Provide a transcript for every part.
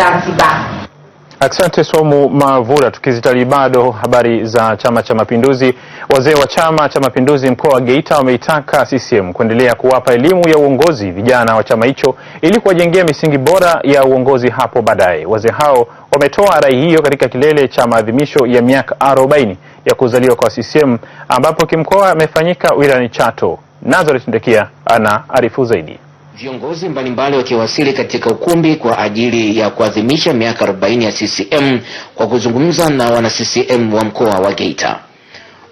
Zanzibar. Asante Somu Mavura. Tukizitalii bado habari za Chama cha Mapinduzi. Wazee wa Chama cha Mapinduzi mkoa wa Geita wameitaka CCM kuendelea kuwapa elimu ya uongozi vijana wa chama hicho ili kuwajengea misingi bora ya uongozi hapo baadaye. Wazee hao wametoa rai hiyo katika kilele cha maadhimisho ya miaka 40 ya kuzaliwa kwa CCM ambapo kimkoa amefanyika wilayani Chato. Nazareth Ndekia ana arifu zaidi. Viongozi mbalimbali wakiwasili katika ukumbi kwa ajili ya kuadhimisha miaka 40 ya CCM kwa kuzungumza na wana CCM wa mkoa wa Geita.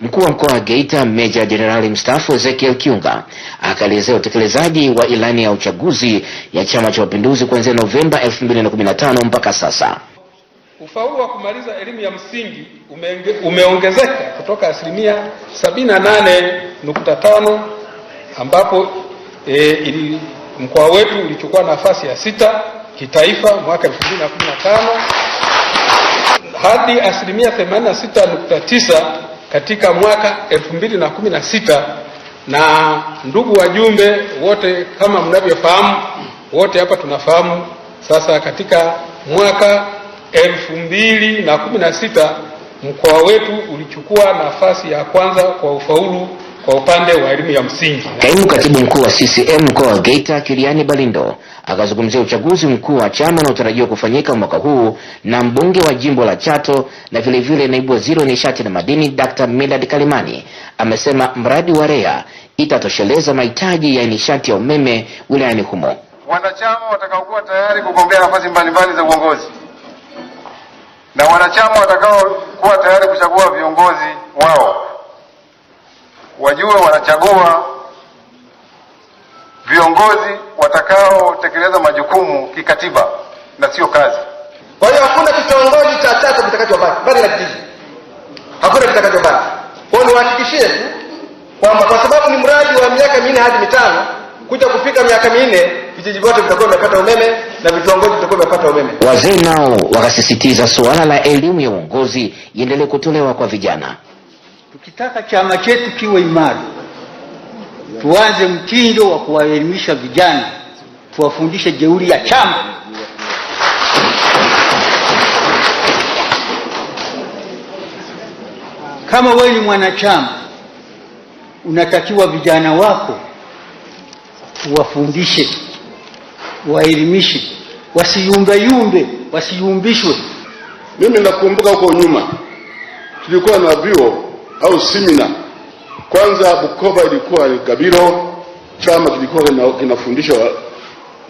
Mkuu wa mkoa wa Geita Meja Jenerali mstaafu Ezekiel Kiunga akaelezea utekelezaji wa ilani ya uchaguzi ya Chama cha Mapinduzi kuanzia Novemba 2015 mpaka sasa. Ufaulu wa kumaliza elimu ya msingi umeongezeka kutoka asilimia 78.5 ambapo e, ili Mkoa wetu ulichukua nafasi ya sita kitaifa mwaka 2015 hadi asilimia 86.9 katika mwaka 2016 na, na ndugu wajumbe wote, kama mnavyofahamu wote hapa tunafahamu sasa, katika mwaka 2016 mkoa wetu ulichukua nafasi ya kwanza kwa ufaulu kwa upande wa elimu ya msingi. Kaimu katibu mkuu wa CCM mkoa wa Geita Kiliani Balindo akazungumzia uchaguzi mkuu wa chama unaotarajiwa kufanyika mwaka huu na mbunge wa jimbo la Chato na vilevile vile naibu waziri wa nishati na madini Dr. Millard Kalimani amesema mradi wa REA itatosheleza mahitaji ya nishati ya umeme wilayani humo. Wanachama watakaokuwa tayari kugombea nafasi mbalimbali za uongozi na wanachama watakaokuwa tayari kuchagua viongozi wao wajue wanachagua viongozi watakaotekeleza majukumu kikatiba na sio kazi. Kwa hiyo hakuna kitongoji cha Chato kitakachobaki bali la kijiji, hakuna kitakachobaki. Kwa hiyo niwahakikishie tu kwamba kwa sababu ni mradi wa miaka minne hadi mitano, kuja kufika miaka minne vijiji vyote vitakuwa vimepata umeme na vitongoji vitakuwa vimepata umeme. Wazee nao wakasisitiza suala la elimu ya uongozi iendelee kutolewa kwa vijana. Tukitaka chama chetu kiwe imara, tuanze mtindo wa kuwaelimisha vijana, tuwafundishe jeuri ya chama. Kama wewe ni mwanachama, unatakiwa vijana wako uwafundishe, waelimishe, wasiyumbeyumbe, wasiyumbishwe. Mimi nakumbuka huko nyuma tulikuwa na vyuo au simina Kwanza Bukoba ilikuwa ni gabiro, chama kilikuwa kinafundisha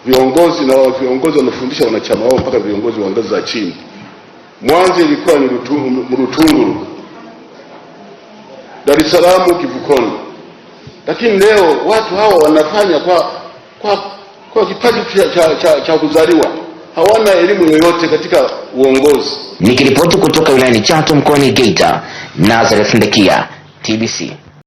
viongozi na viongozi wanafundisha wanachama wao mpaka viongozi wa ngazi za chini. Mwanza ilikuwa ni Rutunguru, Dar es Salaam Kivukoni. Lakini leo watu hawa wanafanya kwa, kwa, kwa kipaji cha, cha, cha, cha kuzaliwa hawana elimu yoyote katika uongozi. Nikiripoti kutoka wilayani Chato mkoani Geita, Nazareth Ndekia, TBC.